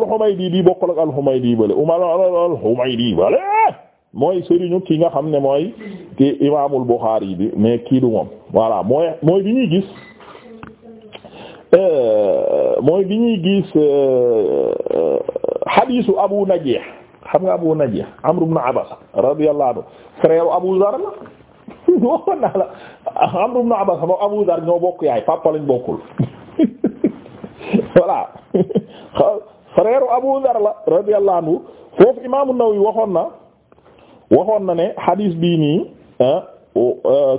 al-Humaydi bi bokkul ak al-Humaydi bële umal al-Humaydi bële mooy sëriñu ki nga xam ne mooy ki imaamul Bukhari bi mais kii du moom voilà mooy mooy bi ñuy gis euh, mooy bi ñuy gis euh, hadiisu Abu Najih xam nga Abu Najih Amr ibn Abasa radiyallahu anhu frère Abu Zar la waxoon naa la Amr ibn Abasa ba Abu Zar ñoo bokk yaay papa bokkul voilà frère Abu Dhar la radiyallahu anhu foofu imaamu Nawawi waxoon na waxoon na ne hadis bii nii te ah, euh,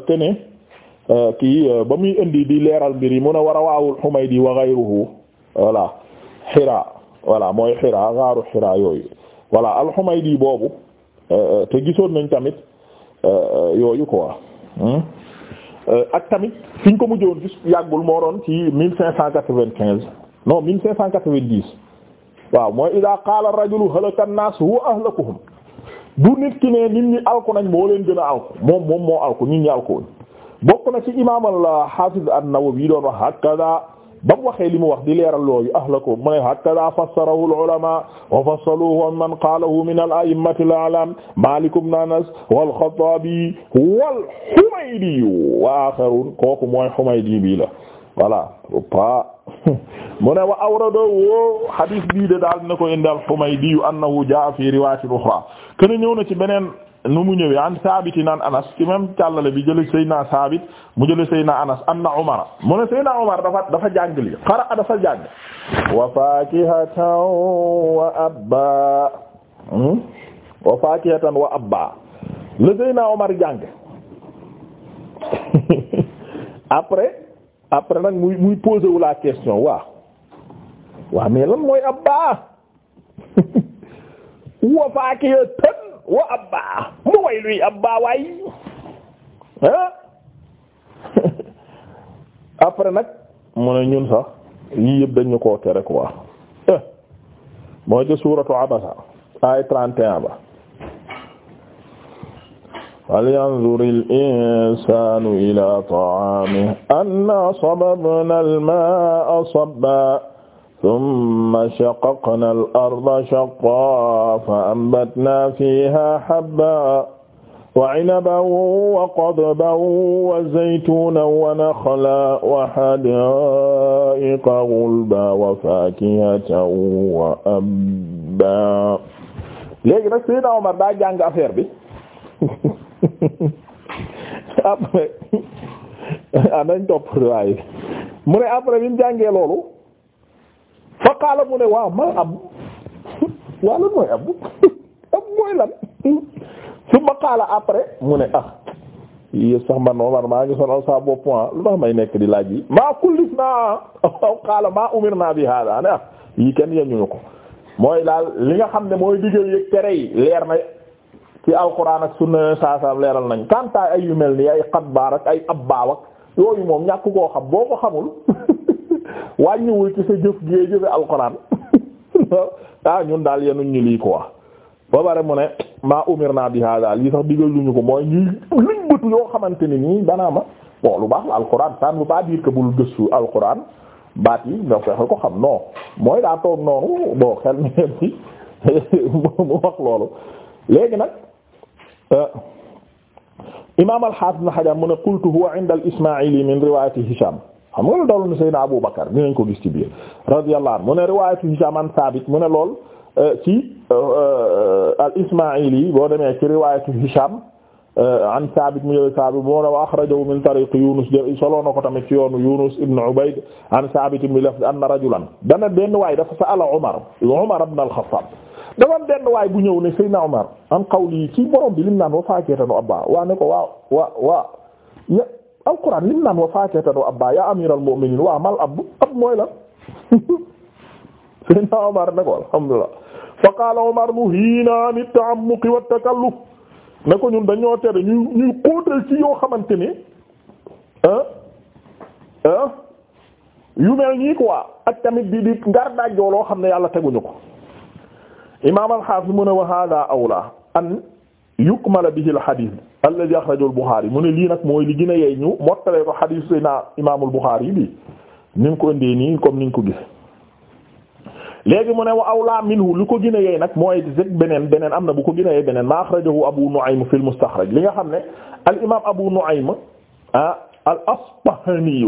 euh, kii euh, ba muy indi di leeral mbir yi mun a war a waawul Humaydi wa ghayruhu voilà Hira voilà mooy Hira gaaru Hira yooyu voilà al-Humaydi boobu te gisoon nañ tamit yooyu quoi hmm? ak tamit fi ñu ko mujjoon gis yàggul moo doon ci mille cinq cent quatre-vingt-quinze non mille cinq cent quatre-vingt-dix waaw mooy idaa qaala rajulu halaka an-naas huwa ahlakuhum du nit ki ne nit ñi alku nañ moo leen gën a alku moom moom moo alku nit ñi alku woon bokk na ci imaam al-Haafiz an-Nawawi doon wax hakadaa ba mu waxee li mu wax di leeral looyu ahlaku mu ne hakadaa fassarahu al-ulamaa wa fassaluhu wa man qaalahu min al-a'immati al-a'laam Maalik ibn Anas wal-Xattaabi wal-Humaydi wa aaxarun kooku mooy Humaydi bi la voilà pa mu ne wa awradahu hadith bii de daal na ko indi al-Humaydi annahu jaa fi riwaayatin uxraa kene ñëw na ci beneen nu mu ñëwee an Saabit naan Anas ci même càllale bi jële Seydina Saabit mu jële Seydina Anas anna Umar mu ne Seydina Umar dafa dafa jàng li qara'a dafa jàng hmm? wa faakihatan wa abba le Seydina Umar jàng après après nag m muy poser wu la question waaw waaw mais lan mooy abba wa faakiyatan wa abba mu way luy abba waay ah après nag mu ne ñun sax yii yëpp dañu koo tere quoi eh, mooy ca suuratu abasa ay 31 ba falyanzur al-insaanu ilaa ta'aamihi annaa sababnaa al-maa'a sabban summa shaqaqnaa al-arda shaqqan fa-ambatnaa fiihaa habban wa 'inaban wa qadban wa zaytuunan wa nakhlan wa hadaa'iqa ghulban wa faakihatan wa abban léegi nag Seydina Omar daa jàng affaire bi après ah nañ topp waaye mu ne après bi mu jàngee loolu fa qaala mu ne waaw mal ab waaw lan mooy ab ab mooy lan su ma qaala après mu ne ah yii sax man Omar maa ngi sonal sa bopp ah, lu tax may nekk di laaj yi maa kullis naa aw qaala maa umir naa bi hada ne ah yii kenn yeñuñu ko mooy daal li nga xam ne mooy digal yëg tere yi leer na ci alquran ak sunna yoneen saa leeral nañ kantaay ay yu mel nii ay xatbaar ak ay abbaawak yooyu moom ñàkk koo xam boo ko xamul wàññiwul ci sa jëf gi jëfe alquran ah ñun daal yenuñ ñu lii quoi ko mooy bëtu yoo xamante ni nii danaa ma bon lu baax la alquran ça ne veut pas dire que bul gëstu alquran baat yi nga fexe ko xam non mooy daa toog noonu bon xel mi mu wax loolu léegi nag Eh, imaam al-Hafiz Ibn Hajar mu ne qultu huwa inda al-Isma'ili min riwaayati Hisham xam nga lu daloon na Seydina Abu Bakar dinañ ko gis ci biir radiyallahu anhu mu ne riwaayati Hisham an Thabit mu ne lool eh, ci eh, al-Isma'ili boo demee ci riwaayati Hisham an Thabit mu jëlee Thabit mu ne wa akhrajahu min tariq Yunus soloo na ko tamit ci yoonu Yunus ibn Ubayd an Thabit bi lafz anna rajulan dana benn waay dafa sa'ala Umar Umar ibn al-Khattab dafa am benn waay bu ñëw ne Seydina Omar am qawli ci borom bi lim naan wa faakihatan wa waa ne ko waaw waa waa ña alquran lim naan wa faakihatan wa abba amiral mu'minin waa mal ab ab mooy la Seydina Omar ne ko alhamdulillah fa qaala Omar nuhiina an at-ta'ammuq ne ko ñun dañoo tere ñuy ñuy xóotal ci yoo xamante ni ah ah yu mel nii quoi ak tamit di di ngar daajoo loo xam ne yàlla teguñu ko. imaam al-Hafiz mu ne wa hada awla an yukmala bihi al-hadith alladhi akhrajahu al-Bukhari mu ne lii nag mooy li gën a yey ñu mottalee ko hadith sayna imaamul Bukhari bi ni mu ko indee nii comme ni ñu ko gis léegi mu ne wa awla minhu li ko gën a yey nag mooy zëg beneen beneen am na bu ko gën a yey beneen ma akhrajahu Abu Nu'aym fil mustakhraj li nga xam ne al imaam Abu Nu'aym ah al-Asbahani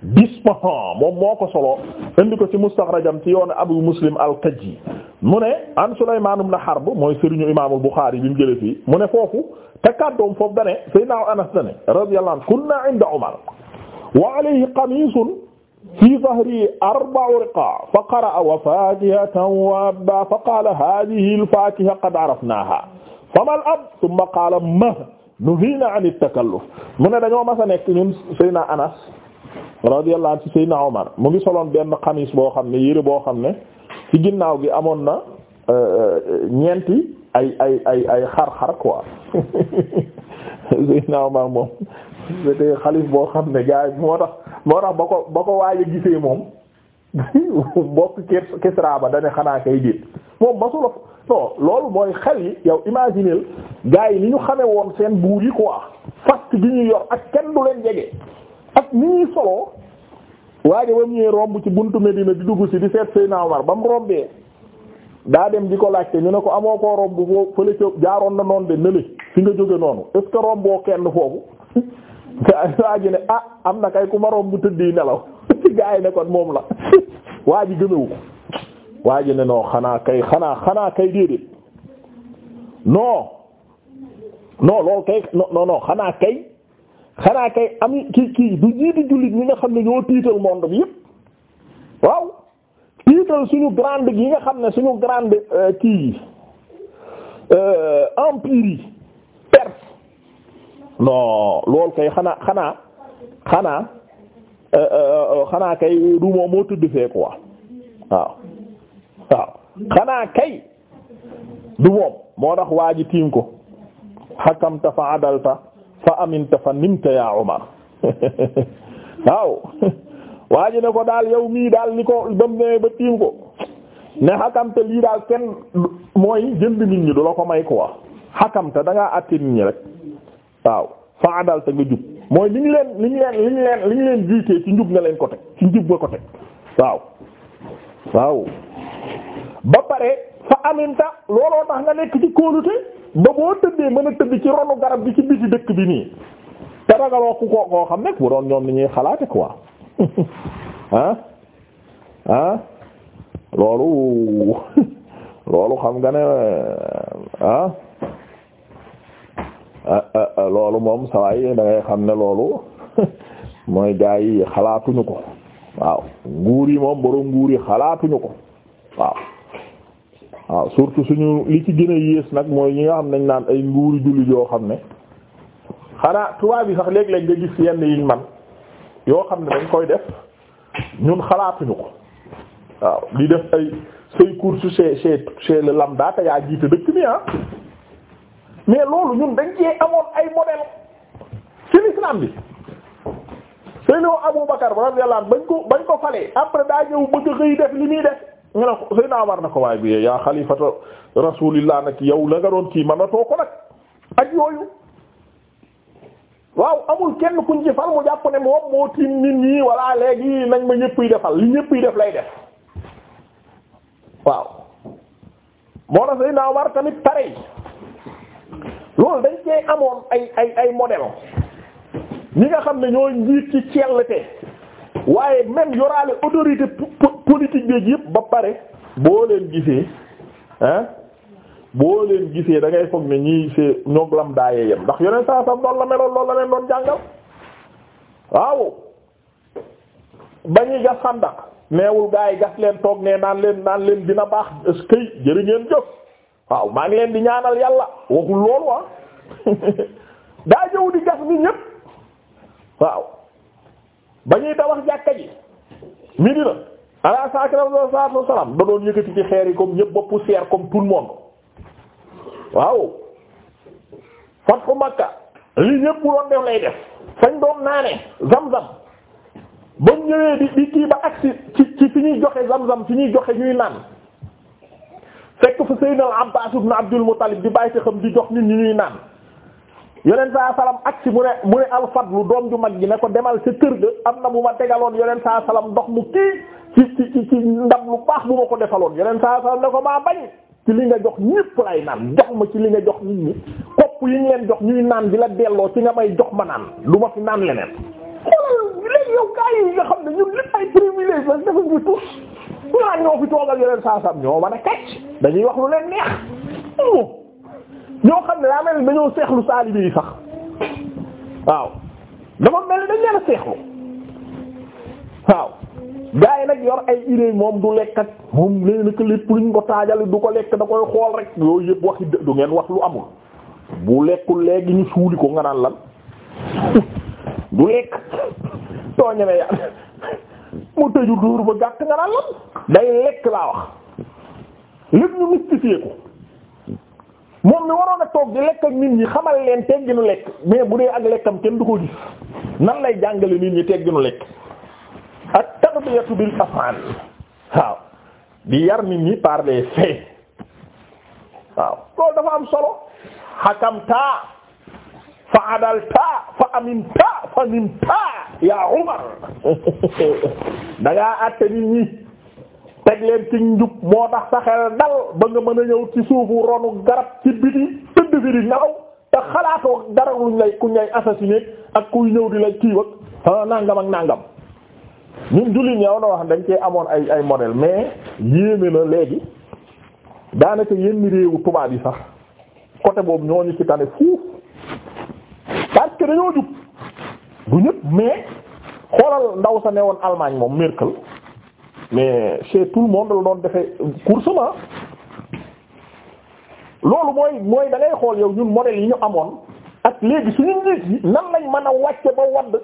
Bisbahaan moom moo ko solo indi ko ci mustaxrajam ci yoonu Abu Muslim al-Kajji mu ne an Sulaymaan ibn Harb mooy sëriñu imaamul Buxaari bi mu jëlee fii mu ne foofu te kàddoom foofu dane Seydina Anas dane radiyallahu anhu kunna inda Umar wa alayhi qamiisun fi zahri arba'u riqaa' fa qara'a wa faakihatan wa abba fa qaala haadhihi al-faakiha qad arafnaahaa famal ab thumma qaala ma nuhiinaa ani at-takalluf mu ne dañoo mas a nekk ñun Seydina Anas radiyallahu anhu Seydina Omar mu ngi soloon benn xamis boo xam ne yére boo xam ne ci ginnaaw gi amoon na euh, euh, ñeenti ay ay ay ay xar-xar quoi Seydina Omar moom c'était xalif boo xam ne gars yi moo tax moo tax ba ko ba ko waaye gisee moom mbokk Kisra ba dane xanaa kay déet moom masula non loolu mooy xel yi yow imagineel gars yi ni ñu xame woon seen buur yi quoi fast gi ñu yor ak kenn du leen jege ni ñuy soloo waaye ba mu ñëwee romb ci bunt Medina di dugg si di seet Seyna Omar ba mu rombee daa dem di ko laajte ñu ne ko amoo ko romb foo fële ca jaaroon na noonu de nële fi nga jóge noonu est ce que romboo kenn foofu waa ji ne ah am na kay ku ma romb tëdd yi nelaw gaa ne kon moom la waa ji gëmewu ko ne non xanaa kay xanaa xanaa kay déedéet non non loolu kay non non xanaa kay xanaa kay am ki kii du jiitu jullit ñi nga xam ne ñoo tiital monde bi yëpp waaw tiital suñu grande yi nga xam ne suñu grande euh, kii yi euh, empire yi perse non loolu kay xanaa xanaa xanaa euh, xanaa kay du moom moo tudd fee quoi waaw waaw xanaa kay du moom moo tax waa ji tiim ko xakamta fa adalta fa aminta fa nimta yaa Umar waaw waa ji ne ko daal yow mii daal li ko bam ne ba tiim ko ne xakamte lii daal kenn mooy jënd nit ñi du la ko may ko wax xakamte da ngaa àtte ñi rek waaw fa adal te nga jub mooy li ñu leen li ñu leen li leen li ñu leen jiitee ci njub nga leen ko teg ci njub nga ko teg waaw waaw ba pare fa aminta looloo tax nga nekk ci kóolute ba boo tëddee mën a tëdd ci ronu garab gi ci biti dëkk bi nii te ragaloo ku ko koo xam ne bu doon ñoom ni ñuy xalaate ko ah ah loolu loolu xam nga ne ah, ah, ah, loolu moom sawaay da xam ne loolu mooy gaa yi xalaatuñu ko waaw nguur yi moom borom nguur yi xalaatuñu ko waaw waaw surtout suñu li ci gën a yées nag mooy ñi nga xam nañ naan ay nguuri jullit yoo xam ne xanaa tubaab yi sax léeg-léeg nga gis yenn yiñ man yoo xam ne dañ koy def ñun xalaatuñu ko waaw li def ay say course chez chez chez le lambda te yaa jiite dëkk bi ah mais loolu ñun dañ cee amoon ay modèle ci l'islam bi Seydou Abou Bakar radiyallahu bañ ko bañ ko falee après daa ñëw bëgg xëy def li muy def ñu ne ko Seydina na ko waaye bi yaa xalifatu rasulillah nag yow la doon kii man na too ko nag ak yooyu waaw amul kenn kuñ ci fal mu jàpp ne moom moo tiim nit ñi walla léegi nañ ma ñëpp yi defal li ñëpp yi def lay def waaw moo na Seydina Omar tamit pareil loolu dañ cee amoon ay ay ay modèle ñi nga xam ne ñoo njiit ci cellte waaye même yoraale autorité politique bi yëpp ba pare boo leen gisee ah boo leen gisee da ngay foog ne ñii c'est ñoom lam daayee yem ndax yeneen saa sam doon la meloon loolu la leen doon jàngal waaw bañuy gas xandak neewul gaa yi gas leen toog ne naan leen naan leen dina baax est-ce que jërë ngeen jëf waaw maa ngi leen di ñaanal yàlla waxul loolu ah daa ñëw di gas ni ñépp waaw ba ñuy tabax jàkka ji Medina ala sakram salatu wasalam da doon yëkkati ci xeer yi comme ñëpp ba poussière comme tout le monde waaw fatxu Makka li ñëpp doon def lay def fañ doon naane zam-zam ba mu ñëwee di di kii ba agsi ci ci ñuy joxe zam-zam fi ñuy joxe ñuy naan fekk fa Seydina Abbaas ibn Abdul Muttalib di bàyyi xam di jox nit ñi ñuy naan yonent saa salaam ak si mu ne mu ne alfadlu doom ju mag ji ne ko demal sa kër ga am na bu ma tegaloon yonent saa salaam ndox mu kii ci ci ci ndab lu baax bu ma ko defaloon yonent saa salaam ne ko maa bañ ci li nga jox ñépp lay naan jox ma ci li nga jox nit ñi kopp yi ñu leen jox ñuy naan di la delloo ci nga may jox ma naan du ma fi naan leneen. xoolal léegi yow gars yi nga xam ne ñun lépp ay privilège la dafa ñu tuut ñu ñoo fi toogal yonent saa a kàcc dañuy wax ñoo xam ne daa mel ni dañoo seexlu saalibe yi sax waaw dafa mel dañ leen a seexlu waaw gaa yi nag yor ay idée moom du lekk ak moom léegi nag lépp luñ ko taajale du ko lekk da koy xool rek yooyu yëpp waxi du ngeen wax lu amul bu lekkul léegi ñu suuli ko nga naan lan du lekk tooñe ne yaa mu tëju dóor ba gàtt nga naan lan day lekk laa wax lépp ñu mystifié moom mi waroon a toog di lekk ak nit ñi xamal leen tegginu lekk mais bu dee ak lekkam kenn du ko gis nan lay jàngale nit ñi tegginu lekk ak tarbiyatu bil afaan waaw di yar nit ñi par les faits waaw dafa am solo hakamta fa adalta fa aminta fa nimta ya Umar da àtte nit ñi teg leen ci njub moo tax sa xel dal ba nga mën a ñëw ci suufu ronu garab ci biti tëdd fi di nelaw te xalaatoo ku ñay assassiné ak nangam ak nangam. ñun jullit ñëw na wax dañ cee amoon ay ay modèle mais yéeme na léegi daanaka yenn réewu tubaab yi sax côté boobu ñooñu ci tane fuuf parce que dañoo jub du ñëpp mais xoolal ndaw sa newoon almaañ moom Merkel. mais chez tout le monde la doon defee coursement loolu mooy mooy da xool yow ñun modèle yi ñu amoon ak léegi suñu njiit yi nan lañ mën a wàcce ba wadd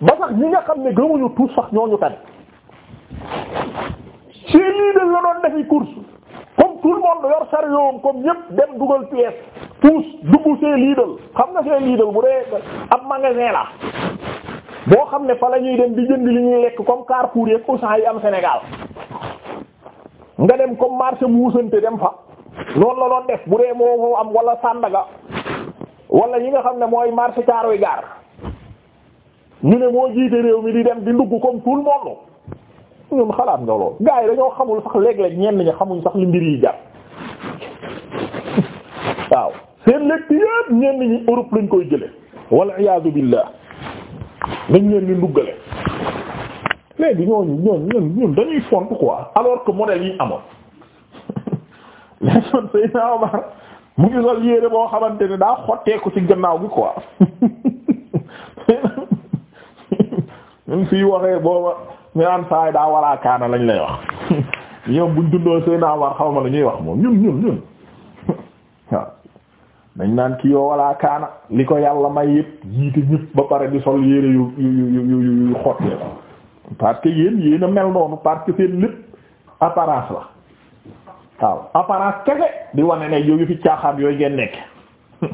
ba sax ñi nga xam ne gëmuñu tuut sax ñooñu tane chez lii de la doon defi course comme tout le monde yor sarioom comme ñépp dem dugal pièce puus dugg see liidal xam nga see liidal bu dee ab magasin la boo xam ne fa la ñuy dem di jënd li ñuy lekk comme Carrefour yeeg Auchan yi am senegal nga dem comme marché muusante dem fa loolu la doon def bu dee moo moo am wala Sandaga wala ñi nga xam ne mooy marché Thiaroye Gare ñu ne moo jiite réew mi di dem di ndugg comme tout le monde ñun xalaat nga lool gars yi dañoo xamul sax léeg-léeg ñenn ñi xamuñ sax li mbir yi jar waaw seen lekk yépp ñenn ñi Europe lañ koy jële wal iyaadu billah dañ leen di duggale léegi ñooñu ñooñu ñun ñun dañuy font quoi alors que modèle yi amoon léegi man Seydina Omar mu ngi sol yére boo xamante ne daa xotteeku ci gannaaw bi quoi ñun si waxee booba ñu naan saay daa walaa lañ lay wax ñoom buñ dundoo Seydina Omar xaw ma la ñuy wax moom ñun ñun ñun waaw. dañ naan ki yoo walaa kaana li ko yàlla may yëpp jiite ñëpp ba pare di sol yére yu yu yu yu yu xottee parce que yéen yéen mel noonu parce que seen lépp apparence la waaw apparence kese di wane ne yooyu fi caaxaan yooyu ngeen nekk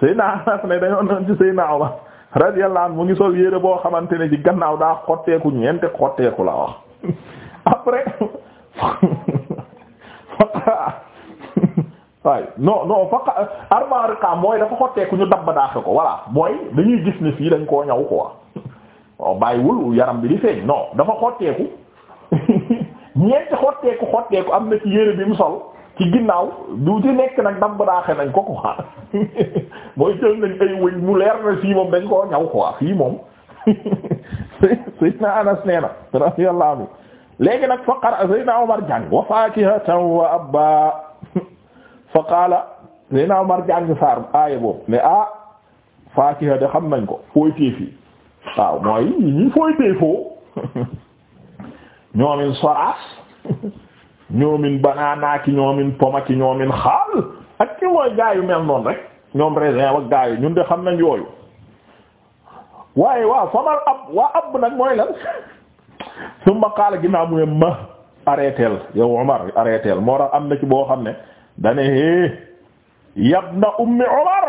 Seydina Anas ne dañoo noon ci Seydina Omar radiyallahu anhu mu ngi sol yére boo xamante ne ci gannaaw daa xotteeku ñeente xotteeku la wax après waaye non non fa arba riqam mooy dafa xotteeku ñu dabba daaxe ko voilà mooy dañuy gis ni fii dañ koo ñaw quoi waaw oh, bàyyiwul yaram bi di feeñ non dafa xotteeku ñeenti xotteeku xotteeku am na ci yére bi mu sol ci ginnaaw du ci nekk nag dabb daaxe nañ ko quoi mooy jël nañ ay wëñ mu leer na fii moom dañ koo ñaw quoi fii moom Seydina Anas nee na radiyallahu anhu léegi nag fa qara Seydina jàng wa faakihatan wa abba fa qaala nee naa Umar jàng saar aaya boobu ne ah faakiha de xam nañ ko fooy téef yi waaw mooy ñi fooy téefoo ñoomin soraas ñoomin banaanaaki ñoomin pomaki ñoomin xaal ak ci mooy gaayu mel noonu rek ñoom raisin gaayu ñun de xam nañ yooyu waaye waaw famal ab waa ab nag mooy lan summa qaala ginnaaw mu ne ma arrêteel yow Umar arrêteel moo tax am na ci boo xam ne dane hee yabna ummi umar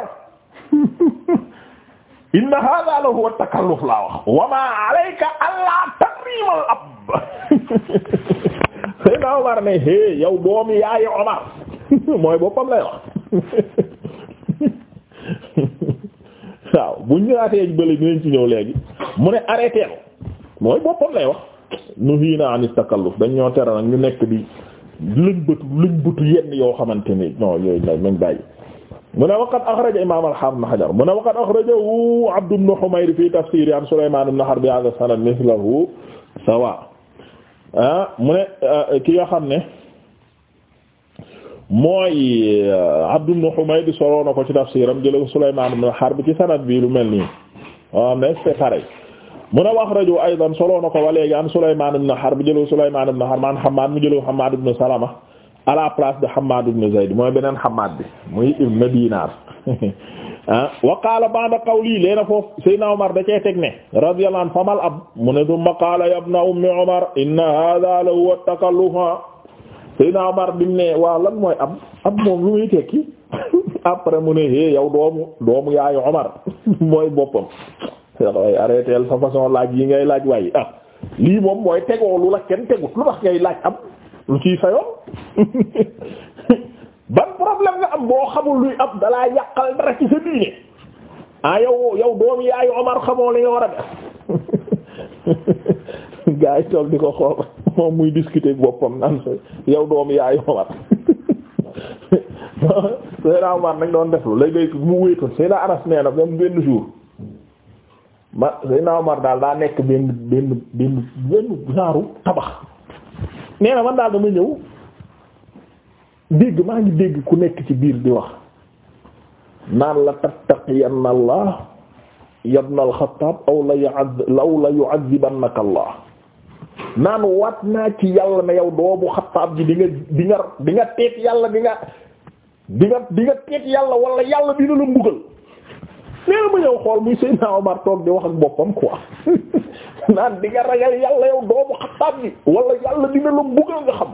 inna hadha la huwa takalluf laa wax wa ma alayka allah takrimal ab sayna umar ne yaayi umar mooy boppam lay wax waaw buñ ñëwaatee bële dinañ ci ñëw léegi mu ne arrêté mooy boppam lay wax nu hiina takalluf dañ ñoo tere nag ñu nekk di luñ bëtu luñ bëtu yenn yoo xamante ni non a nañ bàyyi mu ne waqad axraja imam al-Hafiz Hajar mu ne waqad axrajahu Abd fi tafsiri an Sulayman ibn Harb bi hadha sanad mithlahu sawa ah, mu ne ah, ki nga xam ne mooy ah, Abd ibn Humayr soloo na ko ci tafsiram jële Sulayman ibn Harb ci sanad bi lu mel nii waaw mais c'est pareil mu ne wax rajo aydan solo na ko ba léegi an Sulaymaan ibn Harb mu jëloo Sulaymaan ibn Harb an Hammaad mu jëloo Hammaad ibn Salama à la place de Hammaad ibn Zayd mooy beneen Hammaad bi muy Dinaar ah, wa qaala ba'da qawli leena foofu Seydina Omar da cee teg ne radiyallahu famal ab mu ne thumma qaala ya ibna ummi Omar inna haadha la huwa at-takalluf Seydina Omar bi mu ne waaw lan mooy ab ab moom lu mu ne hé way arrêtéel sa façon laaj yi ngay laaj waaye ah, lii moom mooy tegoo lu la kenn tegut lu tax ngay laaj am lu ciy fayoon ban problème nga am boo xamul luy am dalaa yàqal dara ci sa diine ah yow yow doom yaayu Omar xamoo li nga def gaa yi toog di ko xool moom muy discuter boppam naan yow doom yaayu nañ doon def lu léeg-léeg mu wéetoon Seydina Anas benn jour ma Seydina Omar daal daa nekk benn benn benn benn genre tabax nee man daal dama ñëw dégg maa ngi dégg ku nekk ci biir di wax naan la tattaqiyanna Allah yabna al aw la yu'adhib la yu'adhibannaka Allah naan waat naa ci na yow doomu Xattaab ji di nga di nga di teet yàlla di nga di nga teet yàlla wala yàlla dina la mbugal nee ma ñëw xool muy Seydina Omar toog di wax ak boppam quoi naan di ragal yàlla yow doomu xattaab bi wala yàlla dina la mbugal nga xam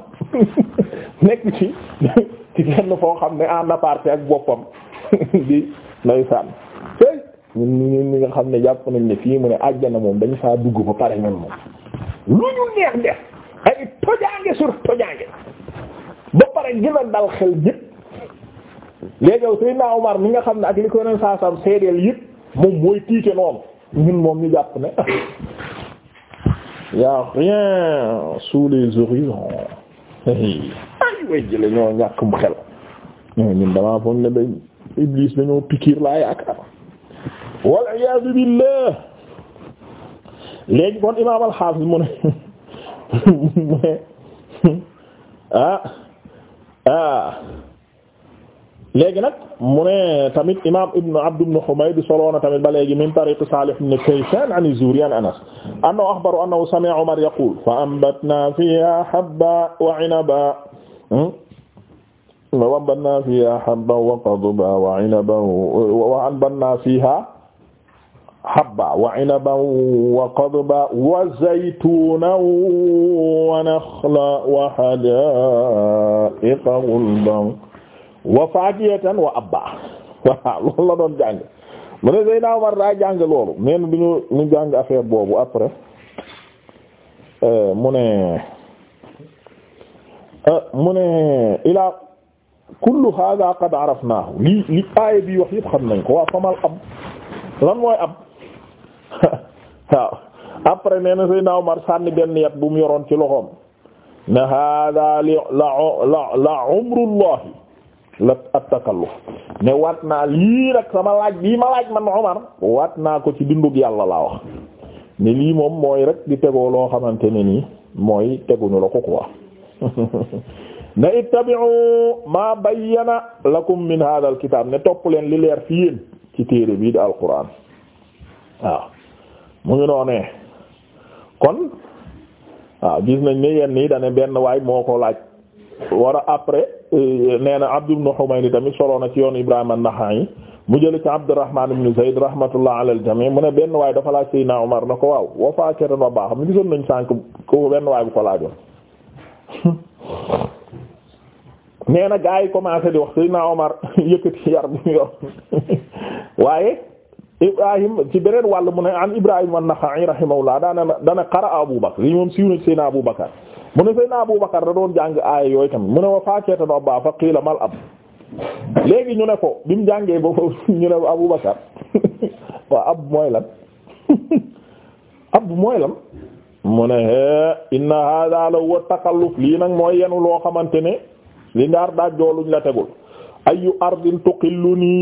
nekk ci ci kenn foo xam ne en aparté ak boppam di noy sànn tey ñun ñun nga xam ne jàpp nañ ne fii mu ne àjjana moom dañ saa dugg ba pare ñun moom lu ñu neex def ay tojaange sur tojaange ba pare gën a dal xel ñépp léegi yow Seydina Omar mi nga xam ne ak li ko yeneen saa saam seedeel yëpp moom mooy tiite noonu ñun moom ñu jàpp ne y'a rien sous les horizons ay way jële ñoo ñàkkum xel ñoo ñun damaa foog ne dañ Iblis dañoo pikiir laa yaakaar wal iyaadu billah léegi kon imaam al-Hafiz mu ne mu ah ah léegi nag mu ne tamit imaam ibn Abd ibn Humayd solo na tamit ba léegi min tariq Salih ibn Kayshan an az-Zuhri an Anas annahu akhbara annahu sami'a Umar yaqul fa anbatna fiha habban wa 'inaban hmm? wa anbatna fiha habban wa qadban wa 'inaban wa anbatna fiha habban wa 'inaban wa qadban wa zaytunan wa nakhlan wa hada'iqa ghulban wa faakiyatan wa abba voilà la doon jàng mu ne Seydina Omar daa jàng loolu mais du ñu ñu jàng affaire boobu après euh, mu ne euh, mu ne ilaa kullu hada qad arafnaahu li aaya bi wax yëpp xam nañ ko waaw famal ab lan mooy ab waaw après nee na Seydina Omar sànni benn yat bu mu yoroon ci loxoom ne hada la la la umrullahi la attakalluf ne waat naa lii nag sama laaj bii ma laaj man Umar waat naa ko ci dundug yàlla laa wax ne lii moom mooy rek di tegoo loo xamante ne nii mooy teguñu la ko quoi ne ittabi'u ma bayyana lakum min hadha al ne topp leen li leer fi yéen ci téere bii di alquran waaw mu ngi noonee kon waaw gis nañ ne yenn yi dane benn waay moo ko laaj war après Euh, nee na Abd ibn Humayn tamit solo na ci yoon Ibrahima an-Naxa'i mu jëlee ci Abdurrahman ibn Zayd rahmatullah ala al-jami' mu ne benn waay dafa laaj Seydina Omar na ko waaw wa fakiran wa baax mi gisoon nañ sànq ko benn waay bu ko laajoon. nee na gaa yi commencé di wax Seydina Omar yëkkati yar bi mu yor waaye Ibrahim ci beneen wàll mu ne ibrahim Ibrahima an-Naxa'i rahimahullah daana dana qara'a Abu Bakr lii moom siiw na Seydina Abu Bakr mu ne Seydina Abu Bakar da doon jàng aaya yooyu tamit mu ne wa faaketa no fa qiila mal ab ñu ne ko bi mu jàngee ba foofu ñu ne Abu Bakar waaw ab mooy lan ab mooy lan mu ne inna hada la huwa takalluf lii nag mooy yenu loo xamante ne li ngaar daaj jooluñ la tegul ayu ardin tuqilluni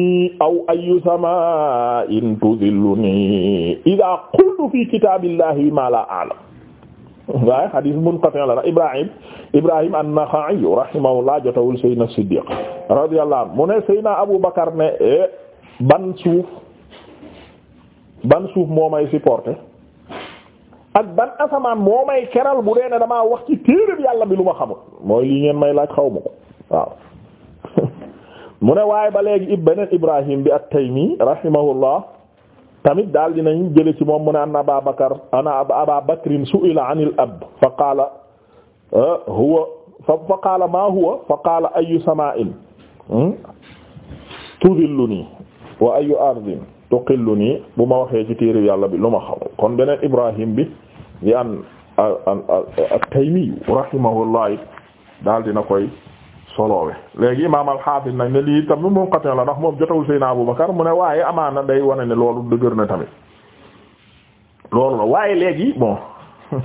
aw ayu sama'in tudilluni ida qultu fi kitabillahi ma la a'lam waaye xadiis munqati la ndax Ibrahim Ibrahim an-Naxa'i rahimahullah jotawul Seydina Siddiq radiyallahu anhu mu ne Seydina Abu Bakar ne e, ban suuf ban suuf moo may supporter ak ban asamaan moo may keral bu dee ne damaa wax ci téereb yàlla bi lu ma xamul mooy lii ngeen may laaj xaw ma ko waaw mu ne waaye ba léegi beneen Ibrahim bi at-Taymi rahimahullah tamit daal dinañ jële ci moom mu ne anna Aba Bakar ana Aba Bakrin su'ila anil ab fa qaala huwa fa qaala maa huwa fa qaala ayu samaa'in hmm? tudilluni wa ayu ardin tuqilluni bu ma waxee ci téere yàlla bi lu ma xaw kon beneen Ibrahim bi di an at-Taymi rahimahullah daal dina koy soloowe léegi imaam al-Hafiz nag ne lii tam moom xatee la ndax moom jotawul Seydina Abu Bakar mu ne waaye amaana day wane ne loolu dëgër na tamit loolu la waaye léegi bon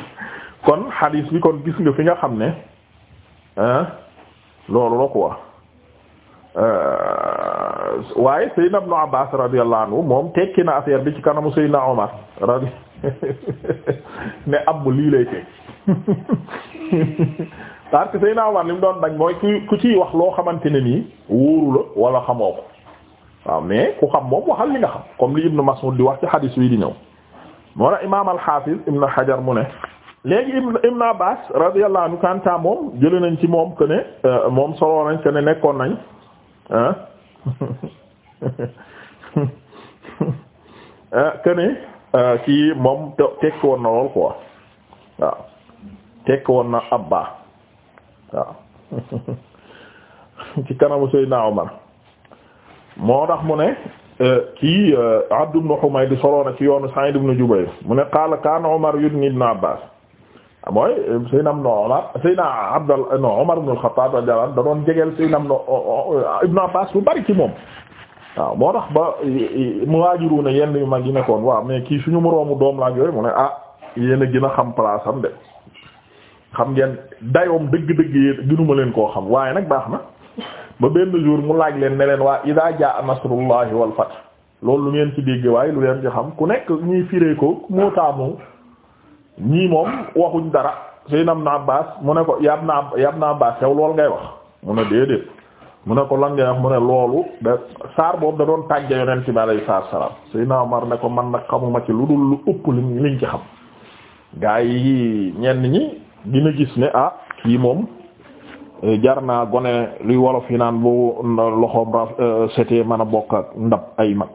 kon xadiis bi kon gis nga fi nga xam ne loolu la quoi euh, waaye Seydina Ibnu Abbaas radiyallahu anhu moom tekki na affaire bi ci kanamu Seydina Omar radi ne ab lii lay tekki parce que Seydina Omar li mu doon bañ mooy ku ku ciy wax loo xamante ne nii wóoru la wala xamoo ko waaw mais ku xam moom waxal li nga xam comme li Ibn Mas'ud di wax ci hadis wii di ñëw moo na imam al-Hafiz mu ne léegi Ibn Abbas kanta moom jële nañ ci moom que ne euh, moom soloo nañ que nekkoon nañ ah que ne euh, kii moom tekki woon na lool quoi waaw tekki woon na abba waaw ci kanamu Seydina Omar moo tax mu ne euh, kii euh, Abd ibn Humayd soloo na ci yoonu Sa'id ibn Jubayr mu ne qaala kaana Omar yudni ibn Abbas mooy euh, Seydina ibn Omar Seydina Abdallah no Omar ibn al-Khattab radiyallahu anhu da doon jegeel Seydina ibn Abbas bu bari ci moom waaw moo tax ba muhaajiruuna yenn yu mag yi nekkoon waaw mais kii suñu moroomu doom laaj yooyu mu ne ah yéen a gën a xam place de xam ngeen dayoom dëgg-dëgg yéen ginuma leen koo xam waaye nag baax na ba benn jour mu laaj leen ne leen waa idaa jaa nasrullahi wal fath lool lu ngeen ci dégg waaye lu leen ci xam ku nekk ñii fiire ko moo taamu ñii moom waxuñ dara Seydina Ibn Abbas mu ne ko yab naa yab naa Abbas yow loolu ngay wax mu ne déedéet mu ne ko lan ngay wax mu ne loolu da saar boobu da doon tàgge yonent bi alayhi salaam Seydina Omar ne ko man nag xamuma ci lu dul lu ëpp liñ ci xam dina gis ne ah kii moom eh, jar naa gone luy wolof yi naan bu loxoom raf eh, setee mën a bokk ak ndab ay mag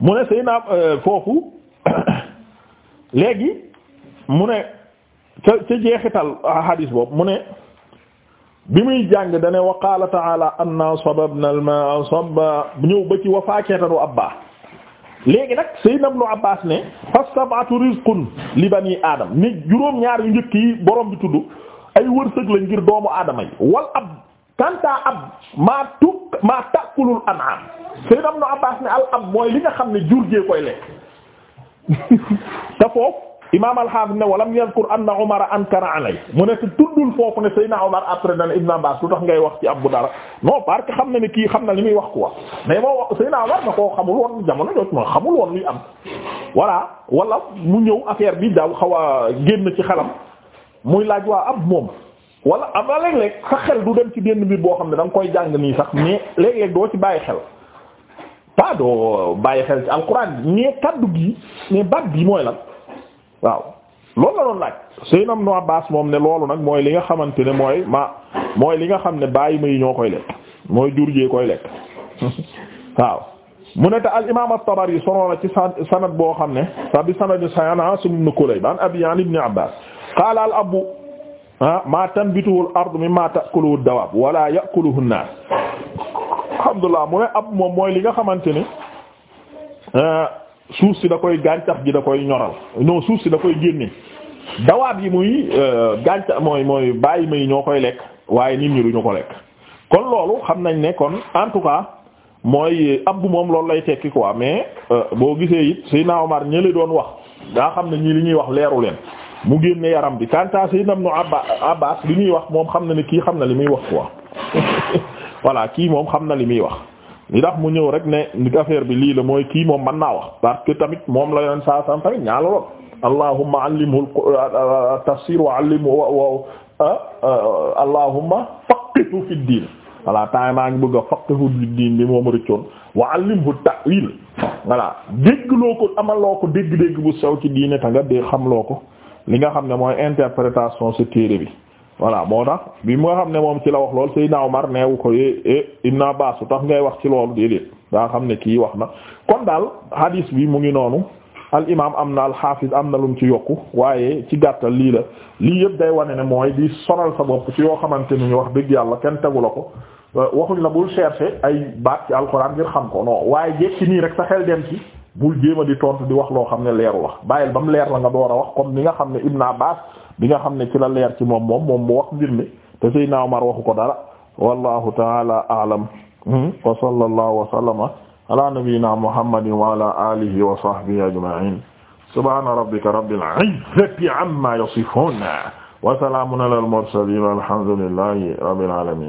mu ne sëy naa eh, foofu léegi mu ne ca ca jeexital hadis boobu mu ne bi muy jàng dane wa qaala ta'ala anna sababna al ma'a sabba ñëw ba ci wa faakatan wa abba léegi nag Seydina Ibnu Abbaas ne fa sab'atu rizqun li bani aadam ni juróom ñaar yu njëkk yi borom bi tudd ay wërsëg la ngir doomu aadama yi wal ab kanta ab maa tukk maa tàkkulul an'am Seydina Ibnu Abbaas ne al ab mooy li nga xam ne jur gee koy lekk te foofu imaam al-Hafiz ne walam yadhkur anna Umar ankara alay mu ne tuddul foofu ne Seydina Umar après dana Ibn Abbas lu tax ngay wax ci Abu Dara non parce xam na ne kii xam na li muy wax quoi mais moo wax Seydina Umar na koo xamul woon jamono jooju ma xamul woon luy am. voilà walla mu ñëw affaire bi daaw xaw a génn ci xelam muy laaj waa am moom wala am na léeg-léeg sa xel du dem ci benn mbir boo xam ne danga koy jàng nii sax mais léeg-léeg doo ci bàyyi xel. pas doo bàyyi xel ci alxuraan mais kaddu gi mooy lan. waaw loolu na doon laaj Seydina Ibn Abbas moom ne loolu nag mooy li nga xamante ne mooy ma mooy li nga xam ne bàyyi ma yi ñoo koy lekk mooy jur jee koy lekk waaw mu ne te al imaam at-Tabari solo ci sanad boo xam ne sa bi sanad sayan Asim ibn Kulayb an abi an ibn Abbas qaala abu ma tanbituhu ardu mimma ta'kuluhu ad-dawaab wa laa ya'kuluhu alhamdulillah mu ne ab moom mooy li nga xamante ne suuf si da koy gàncax gi da koy ñoral non suuf si da koy génne dawaat yi muy euh, gàncax mooy mooy bàyyi may ñoo koy lekk waaye nit ñi duñu ko lekk kon loolu xam nañ ne kon en tout mooy euh, ab bu moom loolu lay tekki quoi mais euh, boo gisee it Seydina Omar ñële doon wax daa xam ne ñii li ñuy wax leeru leen mu génne yaram bi kanta Seydina Ibn Abbas li ñuy wax moom xam na ne kii xam na li muy wax quoi voilà kii moom xam na li muy wax li tax mu ñëw rek ne ni affaire bi lii la mooy kii moom man naa wax parce que tamit moom la yoon saa sam tamit ñaa la lool allahumma allimhu euh, euh, tafsir wa allimhu wa euh, allahumma fi diin voilà temps maa ngi bëgg a faqqihu fi diin bi moom rëccoon wa allimhu ta'wil voilà dégg loo ko amal loo ko dégg-dégg bu sew ci diine ta nga dee xam loo ko li nga xam ne mooy interprétation ci téere bi voilà moo tax bi mu nga xam ne moom ci la wax lool Seydina Omar neewu ko yee eh, eh, Ibn Abbas su tax ngay wax ci loolu déedéet daa xam ne kii wax na kon daal hadis bi mu ngi noonu al imaam am na al xaafis am na lum ci yokku waaye ci gàttal lii la lii yëpp day wane ne mooy di sonal sa bopp ci yoo xamante ni ñu wax dëgg yàlla kenn tegu la ko euh, waxuñ la bul chercher ay baat ci alxuraan ngir xam ko non waaye jekki nii rek sa xel dem ci. bul jéema di to di wax loo xam ne leeru wax bàyyil ba mu leer la nga door a wax comme ni nga xam ne Ibn Abbas bi nga xam ne ci la leer ci moom moom moom mu wax mbir mi te Seydina Omar waxu ko dara wallahu taala aalam hmm? wa sallallahu wa sallama ala nabiyyina muhammadin wa ala alihi wa sahbihi ajma'in subhana rabbika rabbil izzati amma yasifun wa salamun alal mursalin alhamdulillahi rabbil alamin